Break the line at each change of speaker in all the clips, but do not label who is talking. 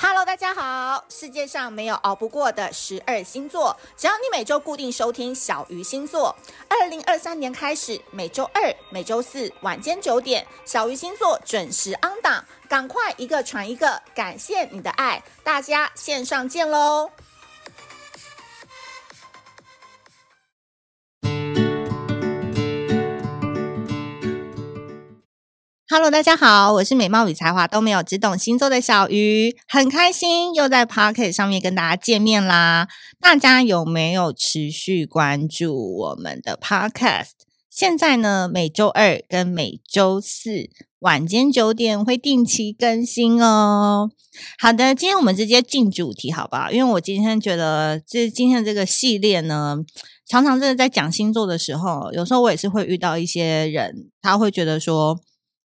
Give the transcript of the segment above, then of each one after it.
哈嘍，大家好！世界上沒有熬不過的十二星座，只要你每周固定收聽小瑜星座，二零二三年開始，每周二、每周四晚間九點，小瑜星座準時 on 檔，趕快一個傳一個，感謝你的愛，大家線上見嘍！哈嘍大家好，我是美貌與才華都沒有、只懂星座的小魚，很開心又在 Podcast 上面跟大家見面啦！大家有沒有持續關注我們的 Podcast？現在呢，每周二跟每周四晚間九點會定期更新哦。好的，今天我們直接進主題好不好？因為我今天覺得，這今天這個系列呢，常常真的在講星座的時候，有時候我也是會遇到一些人，他會覺得說，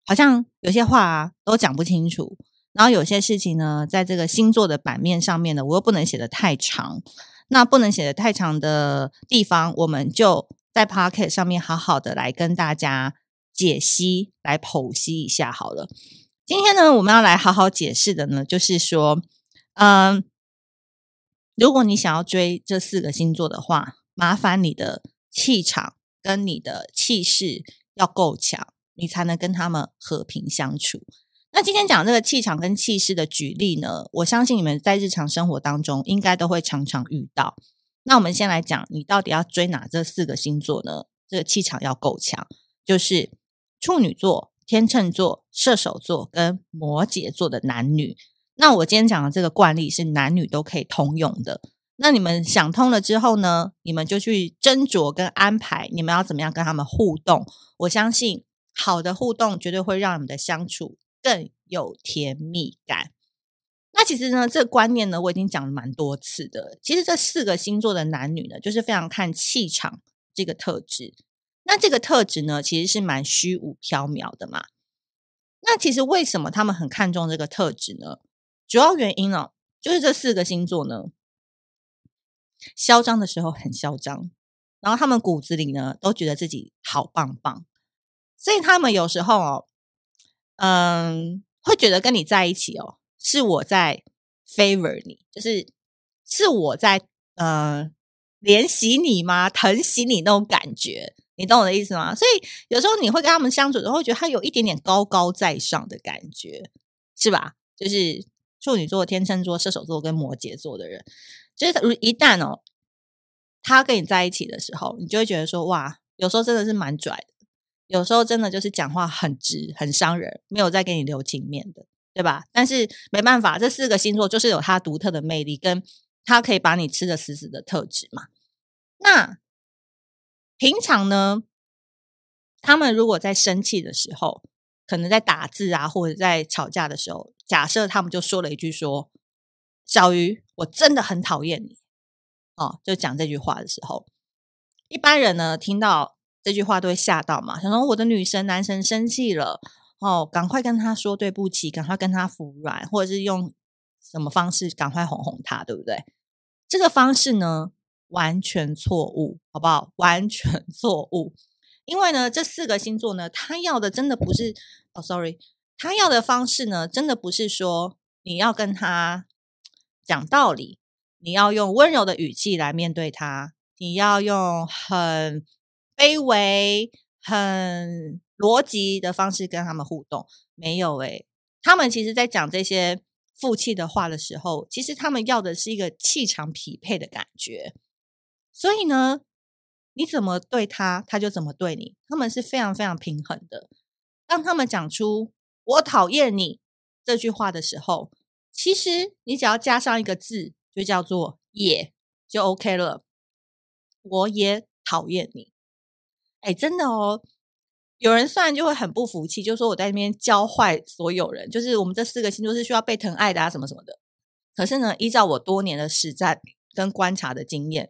好像有些話啊，都講不清楚，然後有些事情呢，在這個星座的版面上面呢，我又不能寫得太長。那不能寫得太長的地方，我們就在 Pocket 上面好好的來跟大家解析，來剖析一下好了。今天呢，我們要來好好解釋的呢，就是說，嗯，如果你想要追這四個星座的話，麻煩你的氣場跟你的氣勢要夠強。你才能跟他們和平相處。那今天講這個氣場跟氣勢的舉例呢，我相信你們在日常生活當中應該都會常常遇到。那我們先來講，你到底要追哪這四個星座呢？這個氣場要夠強，就是處女座、天秤座、射手座跟摩羯座的男女。那我今天講的這個慣例是男女都可以通用的。那你們想通了之後呢，你們就去斟酌跟安排，你們要怎麼樣跟他們互動。我相信。好的互動絕對會讓你們的相處更有甜蜜感。那其實呢，這個觀念呢，我已經講了蠻多次的。其實這四個星座的男女呢，就是非常看氣場這個特質。那這個特質呢，其實是蠻虛無縹緲的嘛。那其實為什麼他們很看重這個特質呢？主要原因呢、哦，就是這四個星座呢，囂張的時候很囂張，然後他們骨子裡呢，都覺得自己好棒棒。所以他們有時候哦，嗯，會覺得跟你在一起哦，是我在 favor 你，就是是我在呃憐惜你嗎？疼惜你那種感覺，你懂我的意思嗎？所以有時候你會跟他們相處之後，會覺得他有一點點高高在上的感覺，是吧？就是處女座、天秤座、射手座跟摩羯座的人，就是如一旦哦，他跟你在一起的時候，你就會覺得說，哇，有時候真的是蠻拽的。有時候真的就是講話很直，很傷人，沒有再給你留情面的，對吧？但是沒辦法，這四個星座就是有它獨特的魅力，跟它可以把你吃的死死的特質嘛。那平常呢，他們如果在生氣的時候，可能在打字啊，或者在吵架的時候，假設他們就說了一句說：“小瑜，我真的很討厭你。”哦，就講這句話的時候，一般人呢聽到。這句話都會嚇到嘛，想說我的女神、男神生氣了，哦，趕快跟他說對不起，趕快跟他服軟，或者是用什麼方式趕快哄哄他，對不對？這個方式呢，完全錯誤，好不好？完全錯誤，因為呢，這四個星座呢，他要的真的不是哦，sorry，他要的方式呢，真的不是說你要跟他講道理，你要用溫柔的語氣來面對他，你要用很。卑微，微，很邏輯的方式跟他們互動，沒有誒、欸，他們其實在講這些負氣的話的時候，其實他們要的是一個氣場匹配的感覺。所以呢，你怎麼對他，他就怎麼對你。他們是非常非常平衡的。當他們講出“我討厭你”這句話的時候，其實你只要加上一個字，就叫做“也”，就 OK 了。我也討厭你。哎，真的哦，有人算就會很不服氣，就說我在那邊教壞所有人，就是我們這四個星座是需要被疼愛的啊，什麼什麼的。可是呢，依照我多年的實戰跟觀察的經驗，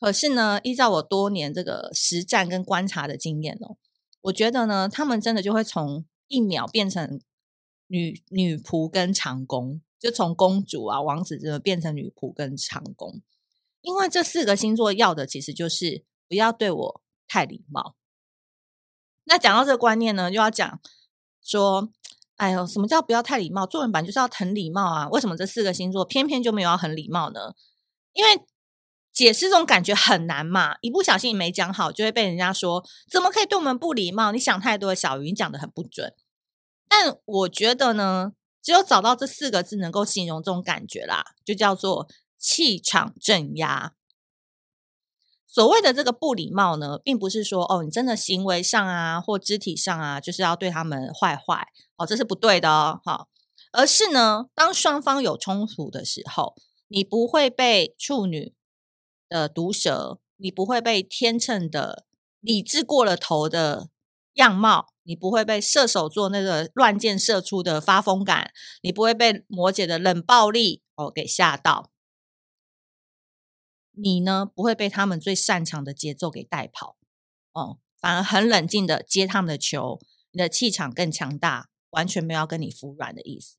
可是呢，依照我多年這個實戰跟觀察的經驗哦，我覺得呢，他們真的就會從一秒變成女女僕跟長工，就從公主啊王子，真的變成女僕跟長工。因為這四個星座要的其實就是不要對我太禮貌。那講到這個觀念呢，又要講說，哎呦，什麼叫不要太禮貌？做人本就是要很禮貌啊。為什麼這四個星座偏偏就沒有要很禮貌呢？因為解釋這種感覺很難嘛，一不小心你沒講好，就會被人家說怎麼可以對我們不禮貌？你想太多小，小瑜講得很不準。但我覺得呢，只有找到這四個字能夠形容這種感覺啦，就叫做。氣場鎮壓。所謂的這個不禮貌呢，並不是說哦，你真的行為上啊，或肢體上啊，就是要對他們壞壞哦，這是不對的哦，好、哦，而是呢，當雙方有衝突的時候，你不會被處女的毒舌，你不會被天秤的理智過了頭的樣貌，你不會被射手座那個亂箭射出的發瘋感，你不會被摩羯的冷暴力哦給嚇到。你呢，不會被他們最擅長的節奏給帶跑哦，反而很冷靜的接他們的球，你的氣場更強大，完全沒有要跟你服軟的意思。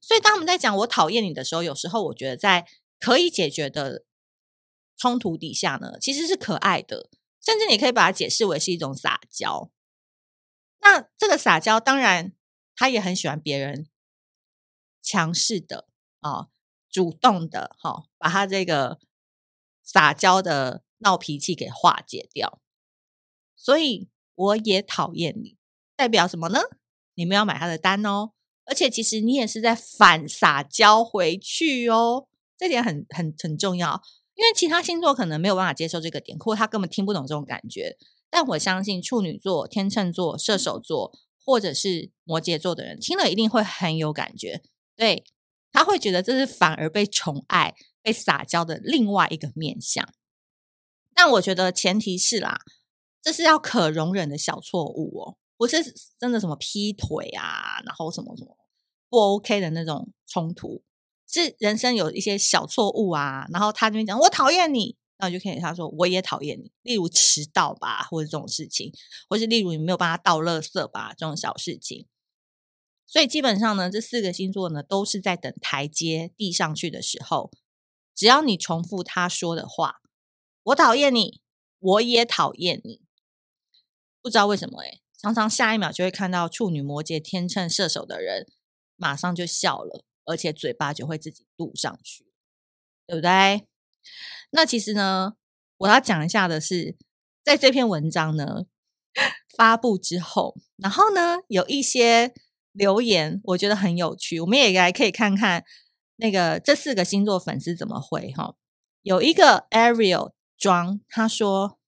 所以當我們在講我討厭你的時候，有時候我覺得在可以解決的衝突底下呢，其實是可愛的，甚至你可以把它解釋為是一種撒嬌。那這個撒嬌當然他也很喜歡別人強勢的啊、哦，主動的哈、哦，把他這個。撒嬌的鬧脾氣給化解掉，所以我也討厭你，代表什麼呢？你們要買他的單哦，而且其實你也是在反撒嬌回去哦，這點很很很重要，因為其他星座可能沒有辦法接受這個點，或者他根本聽不懂這種感覺，但我相信處女座、天秤座、射手座或者是摩羯座的人，聽了一定會很有感覺，對，他會覺得這是反而被寵愛被撒嬌的另外一個面向，但我覺得前提是啦，這是要可容忍的小錯誤哦，不是真的什麼劈腿啊，然後什麼什麼不 OK 的那種衝突。是人生有一些小錯誤啊，然後他那邊講我討厭你，那我就可以跟他說我也討厭你。例如遲到吧，或者這種事情，或是例如你沒有幫他倒垃圾吧，這種小事情。所以基本上呢，這四個星座呢，都是在等台階遞上去的時候。只要你重複他說的話，我討厭你，我也討厭你。不知道為什麼欸，常常下一秒就會看到處女、摩羯、天秤、射手的人，馬上就笑了，而且嘴巴就會自己嘟上去，對不對？那其實呢，我要講一下的是，在這篇文章呢發布之後，然後呢，有一些留言，我覺得很有趣，我們也來可以看看。那個這四個星座粉絲怎麼回哈、哦？有一個 Ariel 裝，他說：“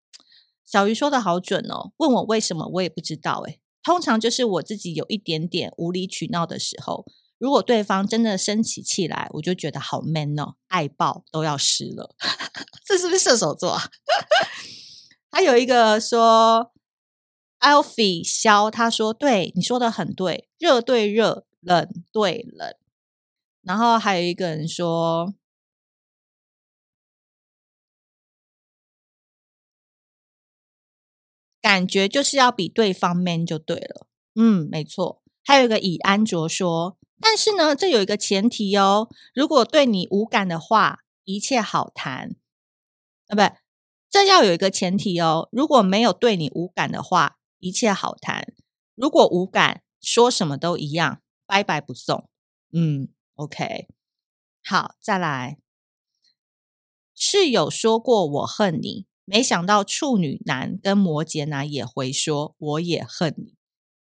小瑜說的好準哦，問我為什麼，我也不知道誒，通常就是我自己有一點點無理取鬧的時候，如果對方真的生起氣來，我就覺得好 man 哦，愛爆都要失了。 這是不是射手座啊？”還 有一個說 Alfie 蕭，他 說：“對，你說的很對，熱對熱，冷對冷。”然後還有一個人說，感覺就是要比對方 man 就對了。嗯，沒錯。還有一個以安卓說，但是呢，這有一個前提哦，如果對你無感的話，一切好談。啊，不這要有一個前提哦，如果沒有對你無感的話，一切好談。如果無感，說什麼都一樣，拜拜不送。嗯。OK，好，再來是有說過我恨你，沒想到處女男跟摩羯男、啊、也會說我也恨你，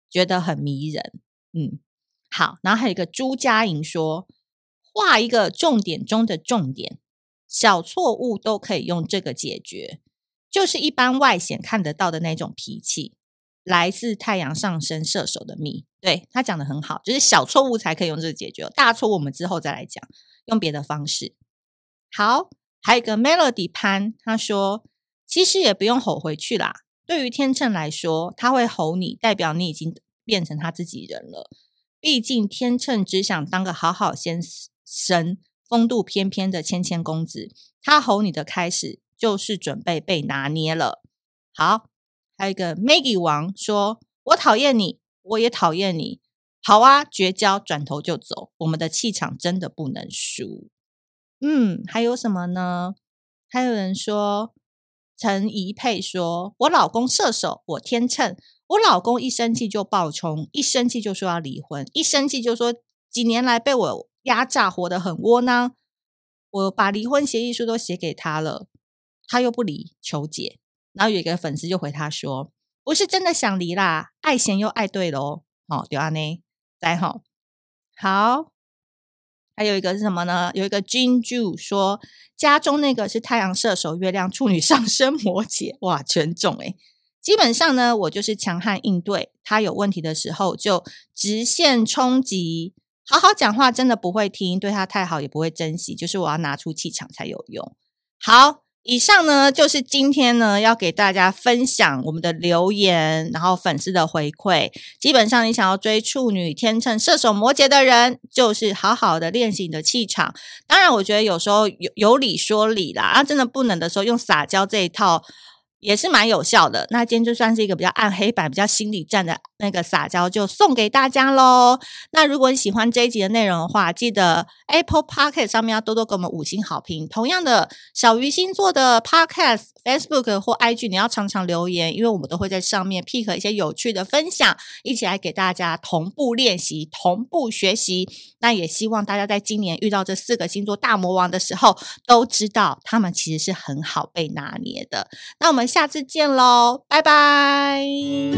覺得很迷人。嗯，好，然後還有一個朱佳瑩說，畫一個重點中的重點，小錯誤都可以用這個解決，就是一般外顯看得到的那種脾氣。來自太陽上升射手的蜜，對，他講得很好，就是小錯誤才可以用這個解決，大錯誤我們之後再來講，用別的方式。好，還有一個 Melody 潘，他說其實也不用吼回去啦。對於天秤來說，他會吼你，代表你已經變成他自己人了。畢竟天秤只想當個好好先生，風度翩翩的謙謙公子。他吼你的開始，就是準備被拿捏了。好。還有一個 Maggie 王說：“我討厭你，我也討厭你。好啊，絕交，轉頭就走。我們的氣場真的不能輸。”嗯，還有什麼呢？還有人說，陳怡佩說：“我老公射手，我天秤。我老公一生氣就暴衝，一生氣就說要離婚，一生氣就說幾年來被我壓榨，活得很窩囊。我把離婚協議書都寫給他了，他又不離，求解。”然後有一個粉絲就回他說：“我是真的想離啦，愛賢又愛對咯。哦”好，就按呢，再好，好。還有一個是什麼呢？有一個金柱說：“家中那個是太陽射手，月亮處女上升摩羯。”哇，全中誒，欸，基本上呢，我就是強悍應對，他有問題的時候就直線衝擊。好好講話真的不會聽，對他太好也不會珍惜，就是我要拿出氣場才有用。好。以上呢，就是今天呢要給大家分享我們的留言，然後粉絲的回饋。基本上，你想要追處女、天秤、射手、摩羯的人，就是好好的練習你的氣場。當然，我覺得有時候有有理說理啦，啊，真的不能的時候用撒嬌這一套，也是蠻有效的。那今天就算是一個比較暗黑版、比較心理戰的。那個撒嬌就送給大家嘍。那如果你喜歡這一集的內容的話，記得 Apple Podcast 上面要多多給我們五星好評。同樣的，小瑜星座的 Podcast、Facebook 或 IG，你要常常留言，因為我們都會在上面 pick 一些有趣的分享，一起來給大家同步練習、同步學習。那也希望大家在今年遇到這四個星座大魔王的時候，都知道他們其實是很好被拿捏的。那我們下次見嘍，拜拜。